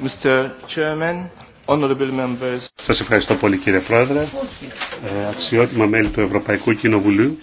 Mr. Chairman, honorable members. Σας ευχαριστώ πολύ κύριε Πρόεδρε, ε, αξιότιμα μέλη του Ευρωπαϊκού Κοινοβουλίου.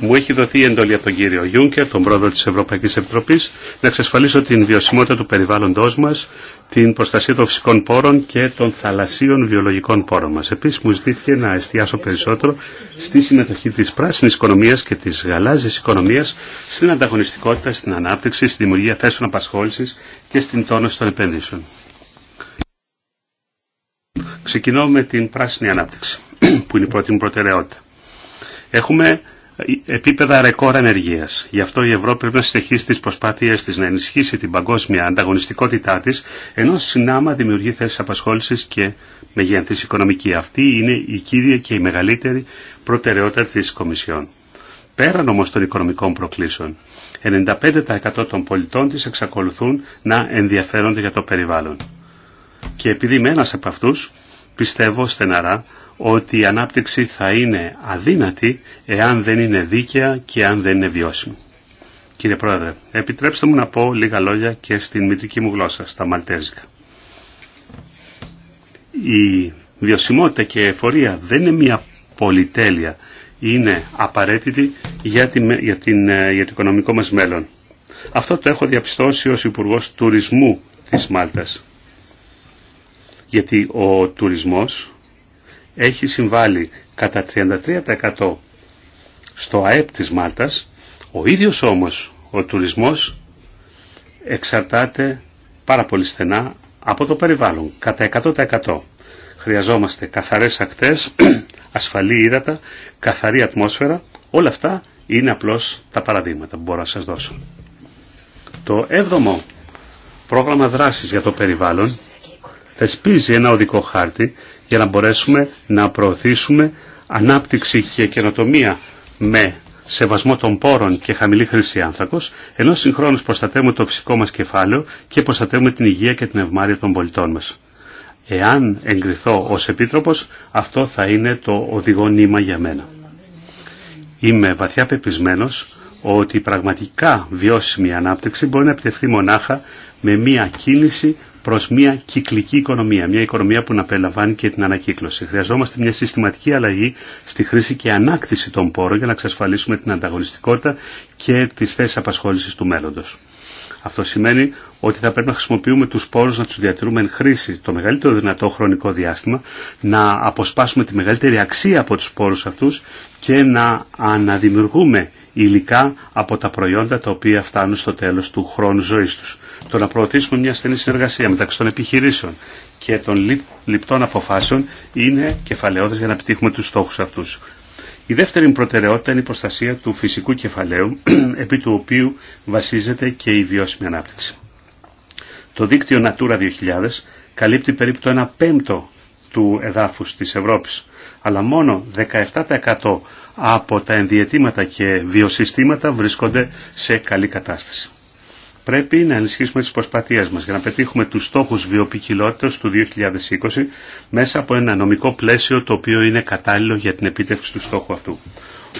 Μου έχει δοθεί η εντολή από τον κύριο Γιούνκερ, τον πρόεδρο της Ευρωπαϊκή Επιτροπής, να εξασφαλίσω την βιωσιμότητα του περιβάλλοντός μας, την προστασία των φυσικών πόρων και των θαλασσίων βιολογικών πόρων μας. Επίσης μου ζητήθηκε να εστιάσω περισσότερο στη συμμετοχή της πράσινης οικονομίας και της γαλάζιας οικονομίας, στην ανταγωνιστικότητα, στην ανάπτυξη, στη δημιουργία θέσεων απασχόληση και στην τόνωση των επενδύσεων. Ξεκινώ με την πράσινη ανάπτυξη, που είναι η πρώτη μου προτεραιότητα. Έχουμε επίπεδα ρεκόρ ανεργία. Γι' αυτό η Ευρώπη πρέπει να συνεχίσει τι προσπάθειέ τη να ενισχύσει την παγκόσμια ανταγωνιστικότητά τη, ενώ συνάμα δημιουργεί θέσει απασχόληση και μεγέθη οικονομική. Αυτή είναι η κύρια και η μεγαλύτερη προτεραιότητα τη Κομισιόν. Πέραν όμω των οικονομικών προκλήσεων, 95% των πολιτών τη εξακολουθούν να ενδιαφέρονται για το περιβάλλον. Και επειδή είμαι ένα από αυτού, πιστεύω στεναρά ότι η ανάπτυξη θα είναι αδύνατη εάν δεν είναι δίκαια και αν δεν είναι βιώσιμη. Κύριε Πρόεδρε, επιτρέψτε μου να πω λίγα λόγια και στην μητρική μου γλώσσα, στα Μαλτέζικα. Η βιωσιμότητα και η εφορία δεν είναι μια πολυτέλεια. Είναι απαραίτητη για, την, για, ε, για το οικονομικό μας μέλλον. Αυτό το έχω διαπιστώσει ως Υπουργός Τουρισμού της Μάλτας γιατί ο τουρισμός έχει συμβάλει κατά 33% στο ΑΕΠ της Μάλτας, ο ίδιος όμως ο τουρισμός εξαρτάται πάρα πολύ στενά από το περιβάλλον, κατά 100%. Χρειαζόμαστε καθαρές ακτές, ασφαλή ύδατα, καθαρή ατμόσφαιρα, όλα αυτά είναι απλώς τα παραδείγματα που μπορώ να σας δώσω. Το 7ο πρόγραμμα δράσης για το περιβάλλον θεσπίζει ένα οδικό χάρτη για να μπορέσουμε να προωθήσουμε ανάπτυξη και καινοτομία με σεβασμό των πόρων και χαμηλή χρήση άνθρακος, ενώ συγχρόνως προστατεύουμε το φυσικό μας κεφάλαιο και προστατεύουμε την υγεία και την ευμάρεια των πολιτών μας. Εάν εγκριθώ ως Επίτροπος, αυτό θα είναι το οδηγό νήμα για μένα. Είμαι βαθιά πεπισμένος ότι η πραγματικά βιώσιμη ανάπτυξη μπορεί να επιτευχθεί μονάχα με μία κίνηση Προ μια κυκλική οικονομία, μια οικονομία που να περιλαμβάνει και την ανακύκλωση. Χρειαζόμαστε μια συστηματική αλλαγή στη χρήση και ανάκτηση των πόρων για να εξασφαλίσουμε την ανταγωνιστικότητα και τι θέσει απασχόληση του μέλλοντος. Αυτό σημαίνει ότι θα πρέπει να χρησιμοποιούμε τους πόρους να τους διατηρούμε εν χρήση το μεγαλύτερο δυνατό χρονικό διάστημα, να αποσπάσουμε τη μεγαλύτερη αξία από τους πόρους αυτούς και να αναδημιουργούμε υλικά από τα προϊόντα τα οποία φτάνουν στο τέλος του χρόνου ζωής τους. Το να προωθήσουμε μια στενή συνεργασία μεταξύ των επιχειρήσεων και των λιπτών αποφάσεων είναι κεφαλαιόδες για να επιτύχουμε τους στόχους αυτούς. Η δεύτερη προτεραιότητα είναι η προστασία του φυσικού κεφαλαίου, επί του οποίου βασίζεται και η βιώσιμη ανάπτυξη. Το δίκτυο Natura 2000 καλύπτει περίπου το 1 πέμπτο του εδάφους της Ευρώπης, αλλά μόνο 17% από τα ενδιαιτήματα και βιοσυστήματα βρίσκονται σε καλή κατάσταση. Πρέπει να ενισχύσουμε τις προσπαθίες μας για να πετύχουμε τους στόχους βιοπικιλότητας του 2020 μέσα από ένα νομικό πλαίσιο το οποίο είναι κατάλληλο για την επίτευξη του στόχου αυτού.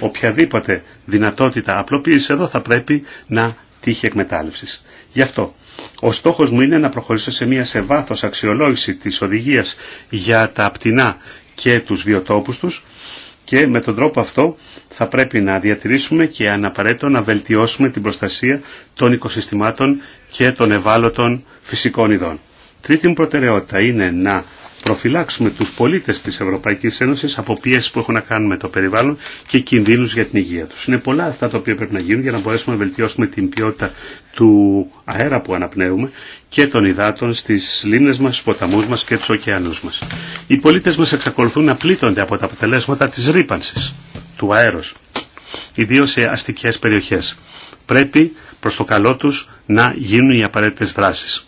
Οποιαδήποτε δυνατότητα απλοποίηση εδώ θα πρέπει να τύχει εκμετάλλευσης. Γι' αυτό ο στόχος μου είναι να προχωρήσω σε μια σε βάθος αξιολόγηση της οδηγίας για τα πτηνά και τους βιοτόπους τους και με τον τρόπο αυτό θα πρέπει να διατηρήσουμε και αναπαραίτητο να βελτιώσουμε την προστασία των οικοσυστημάτων και των ευάλωτων φυσικών ειδών. Τρίτη μου προτεραιότητα είναι να προφυλάξουμε τους πολίτες της Ευρωπαϊκής Ένωσης από πιέσεις που έχουν να κάνουν με το περιβάλλον και κινδύνους για την υγεία τους. Είναι πολλά αυτά τα οποία πρέπει να γίνουν για να μπορέσουμε να βελτιώσουμε την ποιότητα του αέρα που αναπνέουμε και των υδάτων στις λίμνες μας, στους ποταμούς μας και τους ωκεανούς μας. Οι πολίτες μας εξακολουθούν να πλήττονται από τα αποτελέσματα της ρήπανσης του αέρος, ιδίω σε αστικές περιοχές. Πρέπει προς το καλό τους να γίνουν οι απαραίτητες δράσεις.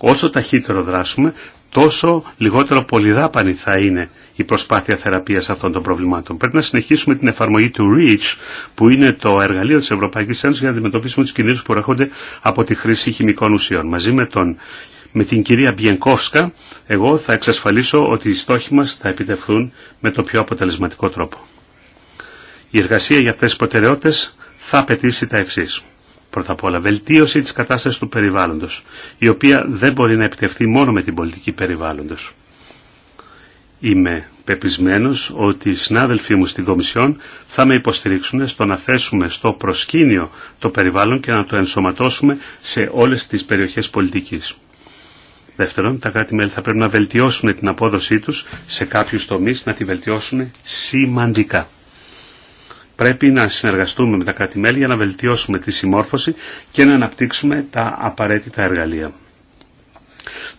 Όσο ταχύτερο δράσουμε, τόσο λιγότερο πολυδάπανη θα είναι η προσπάθεια θεραπείας αυτών των προβλημάτων. Πρέπει να συνεχίσουμε την εφαρμογή του REACH, που είναι το εργαλείο της Ευρωπαϊκής Ένωσης για να αντιμετωπίσουμε τις κινήσεις που έρχονται από τη χρήση χημικών ουσιών. Μαζί με, τον, με την κυρία Μπιενκόφσκα, εγώ θα εξασφαλίσω ότι οι στόχοι μας θα επιτευχθούν με το πιο αποτελεσματικό τρόπο. Η εργασία για αυτές τις προτεραιότητες θα απαιτήσει τα εξή. Πρώτα απ' όλα, βελτίωση της κατάστασης του περιβάλλοντος, η οποία δεν μπορεί να επιτευχθεί μόνο με την πολιτική περιβάλλοντος. Είμαι πεπισμένος ότι οι συνάδελφοί μου στην Κομισιόν θα με υποστηρίξουν στο να θέσουμε στο προσκήνιο το περιβάλλον και να το ενσωματώσουμε σε όλες τις περιοχές πολιτικής. Δεύτερον, τα κράτη-μέλη θα πρέπει να βελτιώσουν την απόδοσή τους σε κάποιους τομείς, να τη βελτιώσουν σημαντικά. Πρέπει να συνεργαστούμε με τα κράτη-μέλη για να βελτιώσουμε τη συμμόρφωση και να αναπτύξουμε τα απαραίτητα εργαλεία.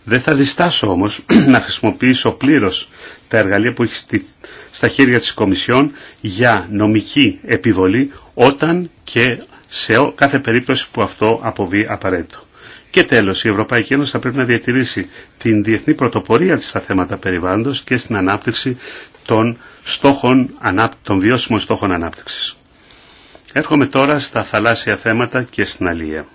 Δεν θα διστάσω όμως να χρησιμοποιήσω πλήρως τα εργαλεία που έχει στα χέρια της Κομισιόν για νομική επιβολή όταν και σε κάθε περίπτωση που αυτό αποβεί απαραίτητο. Και τέλος, η Ευρωπαϊκή Ένωση θα πρέπει να διατηρήσει την διεθνή πρωτοπορία της στα θέματα περιβάλλοντος και στην ανάπτυξη των, στόχων, των βιώσιμων στόχων ανάπτυξης. Έρχομαι τώρα στα θαλάσσια θέματα και στην αλία.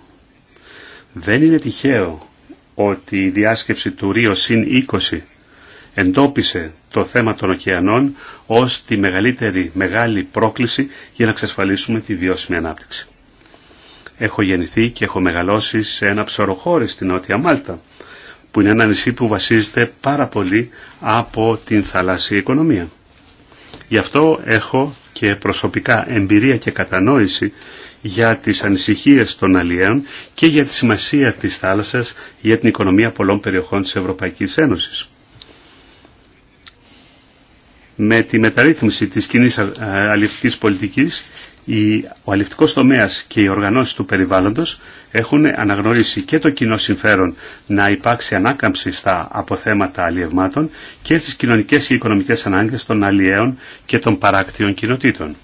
Δεν είναι τυχαίο ότι η διάσκεψη του Ρίο 20 εντόπισε το θέμα των ωκεανών ως τη μεγαλύτερη μεγάλη πρόκληση για να εξασφαλίσουμε τη βιώσιμη ανάπτυξη. Έχω γεννηθεί και έχω μεγαλώσει σε ένα ψωροχώρι στην Νότια Μάλτα που είναι ένα νησί που βασίζεται πάρα πολύ από την θαλάσσια οικονομία. Γι' αυτό έχω και προσωπικά εμπειρία και κατανόηση για τις ανησυχίες των αλλιέων και για τη σημασία της θάλασσας για την οικονομία πολλών περιοχών της Ευρωπαϊκής Ένωσης. Με τη μεταρρύθμιση της κοινής ε, αλληλευτικής πολιτικής ο αληφτικό τομέα και οι οργανώσεις του περιβάλλοντος έχουν αναγνωρίσει και το κοινό συμφέρον να υπάρξει ανάκαμψη στα αποθέματα αλλιευμάτων και στις κοινωνικές και οικονομικές ανάγκες των αλλιέων και των παράκτιων κοινοτήτων.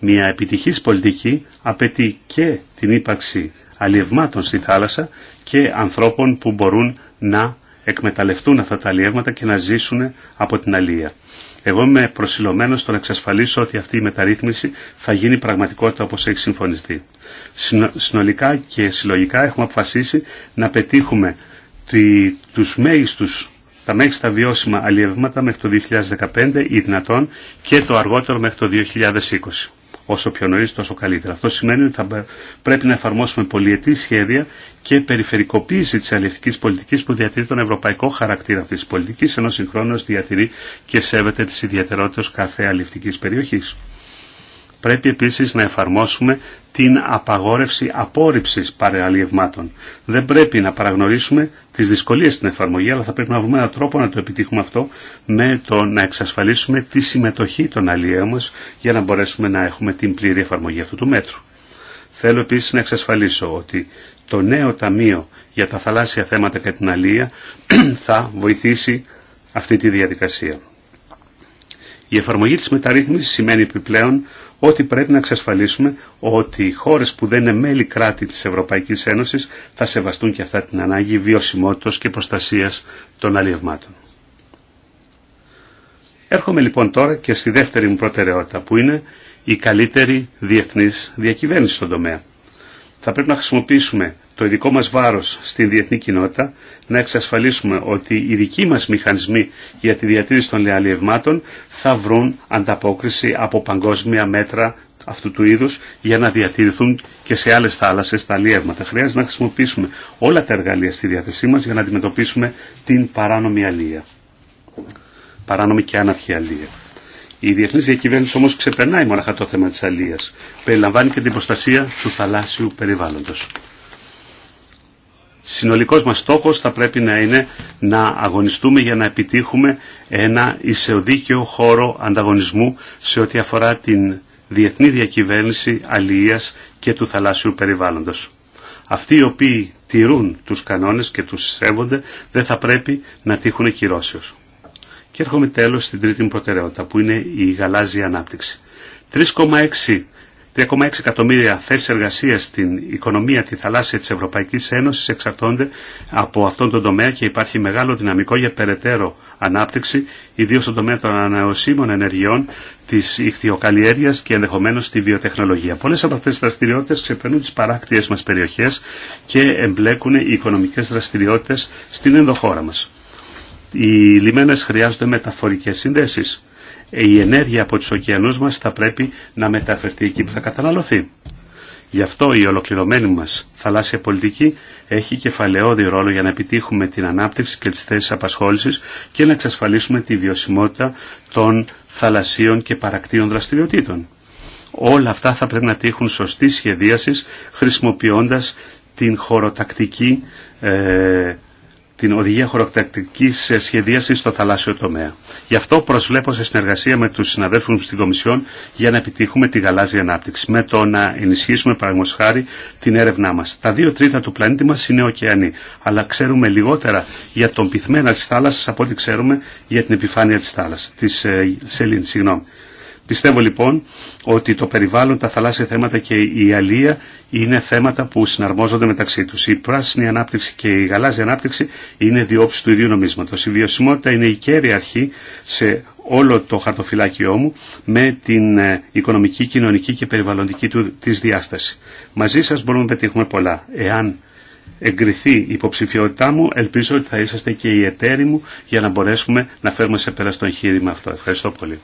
Μια επιτυχής πολιτική απαιτεί και την ύπαρξη αλλιευμάτων στη θάλασσα και ανθρώπων που μπορούν να εκμεταλλευτούν αυτά τα αλλιεύματα και να ζήσουν από την αλλία. Εγώ είμαι προσιλωμένο στο να εξασφαλίσω ότι αυτή η μεταρρύθμιση θα γίνει πραγματικότητα όπω έχει συμφωνηθεί. Συνολικά και συλλογικά έχουμε αποφασίσει να πετύχουμε τη, τους τα μέγιστα βιώσιμα αλλιεύματα μέχρι το 2015 ή δυνατόν και το αργότερο μέχρι το 2020 όσο πιο νωρί τόσο καλύτερα. Αυτό σημαίνει ότι θα πρέπει να εφαρμόσουμε πολιετή σχέδια και περιφερικοποίηση τη αλληλευτική πολιτική που διατηρεί τον ευρωπαϊκό χαρακτήρα αυτή τη πολιτική, ενώ συγχρόνω διατηρεί και σέβεται τι ιδιαιτερότητε κάθε αλληλευτική περιοχή. Πρέπει επίση να εφαρμόσουμε την απαγόρευση απόρριψης παρεαλλιευμάτων. Δεν πρέπει να παραγνωρίσουμε τις δυσκολίες στην εφαρμογή, αλλά θα πρέπει να βρούμε έναν τρόπο να το επιτύχουμε αυτό με το να εξασφαλίσουμε τη συμμετοχή των αλλιέων μας για να μπορέσουμε να έχουμε την πλήρη εφαρμογή αυτού του μέτρου. Θέλω επίσης να εξασφαλίσω ότι το νέο Ταμείο για τα θαλάσσια θέματα και την Αλία θα βοηθήσει αυτή τη διαδικασία. Η εφαρμογή τη μεταρρύθμισης σημαίνει επιπλέον ότι πρέπει να εξασφαλίσουμε ότι οι χώρες που δεν είναι μέλη κράτη της Ευρωπαϊκής Ένωσης θα σεβαστούν και αυτά την ανάγκη βιωσιμότητας και προστασίας των αλλιευμάτων. Έρχομαι λοιπόν τώρα και στη δεύτερη μου προτεραιότητα που είναι η καλύτερη διεθνής διακυβέρνηση στον τομέα. Θα πρέπει να χρησιμοποιήσουμε το ειδικό μας βάρος στην διεθνή κοινότητα, να εξασφαλίσουμε ότι οι δικοί μας μηχανισμοί για τη διατήρηση των λεαλιευμάτων θα βρουν ανταπόκριση από παγκόσμια μέτρα αυτού του είδους για να διατηρηθούν και σε άλλες θάλασσες τα αλλιεύματα. Χρειάζεται να χρησιμοποιήσουμε όλα τα εργαλεία στη διάθεσή μας για να αντιμετωπίσουμε την παράνομη αλλία. Παράνομη και άναρχη η διεθνής διακυβέρνηση όμως ξεπερνάει μοναχα το θέμα τη αλληλεία. Περιλαμβάνει και την προστασία του θαλάσσιου περιβάλλοντος. Συνολικός μας στόχος θα πρέπει να είναι να αγωνιστούμε για να επιτύχουμε ένα ισεοδίκαιο χώρο ανταγωνισμού σε ό,τι αφορά την διεθνή διακυβέρνηση αλληλεία και του θαλάσσιου περιβάλλοντο. Αυτοί οι οποίοι τηρούν τους κανόνες και τους σέβονται δεν θα πρέπει να τύχουν κυρώσεως. Και έρχομαι τέλος στην τρίτη μου προτεραιότητα που είναι η γαλάζια ανάπτυξη. 3,6 εκατομμύρια θέσει εργασία στην οικονομία, τη θαλάσσια τη Ευρωπαϊκή Ένωση εξαρτώνται από αυτόν τον τομέα και υπάρχει μεγάλο δυναμικό για περαιτέρω ανάπτυξη, ιδίω στον τομέα των ανανεωσίμων ενεργειών, τη ηχθειοκαλλιέργεια και ενδεχομένω τη βιοτεχνολογία. Πολλέ από αυτέ τι δραστηριότητε ξεπερνούν τι παράκτιε μα περιοχέ και εμπλέκουν οι οικονομικέ δραστηριότητε στην ενδοχώρα μα οι λιμένες χρειάζονται μεταφορικές συνδέσεις. Η ενέργεια από τους ωκεανούς μας θα πρέπει να μεταφερθεί εκεί που θα καταναλωθεί. Γι' αυτό η ολοκληρωμένη μας θαλάσσια πολιτική έχει κεφαλαιόδη ρόλο για να επιτύχουμε την ανάπτυξη και τις θέσεις απασχόλησης και να εξασφαλίσουμε τη βιωσιμότητα των θαλασσίων και παρακτήων δραστηριοτήτων. Όλα αυτά θα πρέπει να τύχουν σωστή σχεδίαση χρησιμοποιώντας την χωροτακτική ε, την οδηγία χωροκτακτική σχεδίαση στο θαλάσσιο τομέα. Γι' αυτό προσβλέπω σε συνεργασία με του συναδέλφου μου στην Κομισιόν για να επιτύχουμε τη γαλάζια ανάπτυξη. Με το να ενισχύσουμε, παραδείγματο χάρη, την έρευνά μα. Τα δύο τρίτα του πλανήτη μα είναι ωκεανοί, αλλά ξέρουμε λιγότερα για τον πυθμένα τη θάλασσα από ό,τι ξέρουμε για την επιφάνεια τη θάλασσα, τη ε, σελήνη, συγγνώμη. Πιστεύω λοιπόν ότι το περιβάλλον, τα θαλάσσια θέματα και η αλία είναι θέματα που συναρμόζονται μεταξύ τους. Η πράσινη ανάπτυξη και η γαλάζια ανάπτυξη είναι διόψη του ίδιου νομίσματος. Η βιωσιμότητα είναι η κέρια αρχή σε όλο το χαρτοφυλάκιό μου με την ε, οικονομική, κοινωνική και περιβαλλοντική του, της διάσταση. Μαζί σας μπορούμε να πετύχουμε πολλά. Εάν εγκριθεί η υποψηφιότητά μου, ελπίζω ότι θα είσαστε και οι εταίροι μου για να μπορέσουμε να φέρουμε σε πέρα στο εγχείρημα αυτό. Ευχαριστώ πολύ.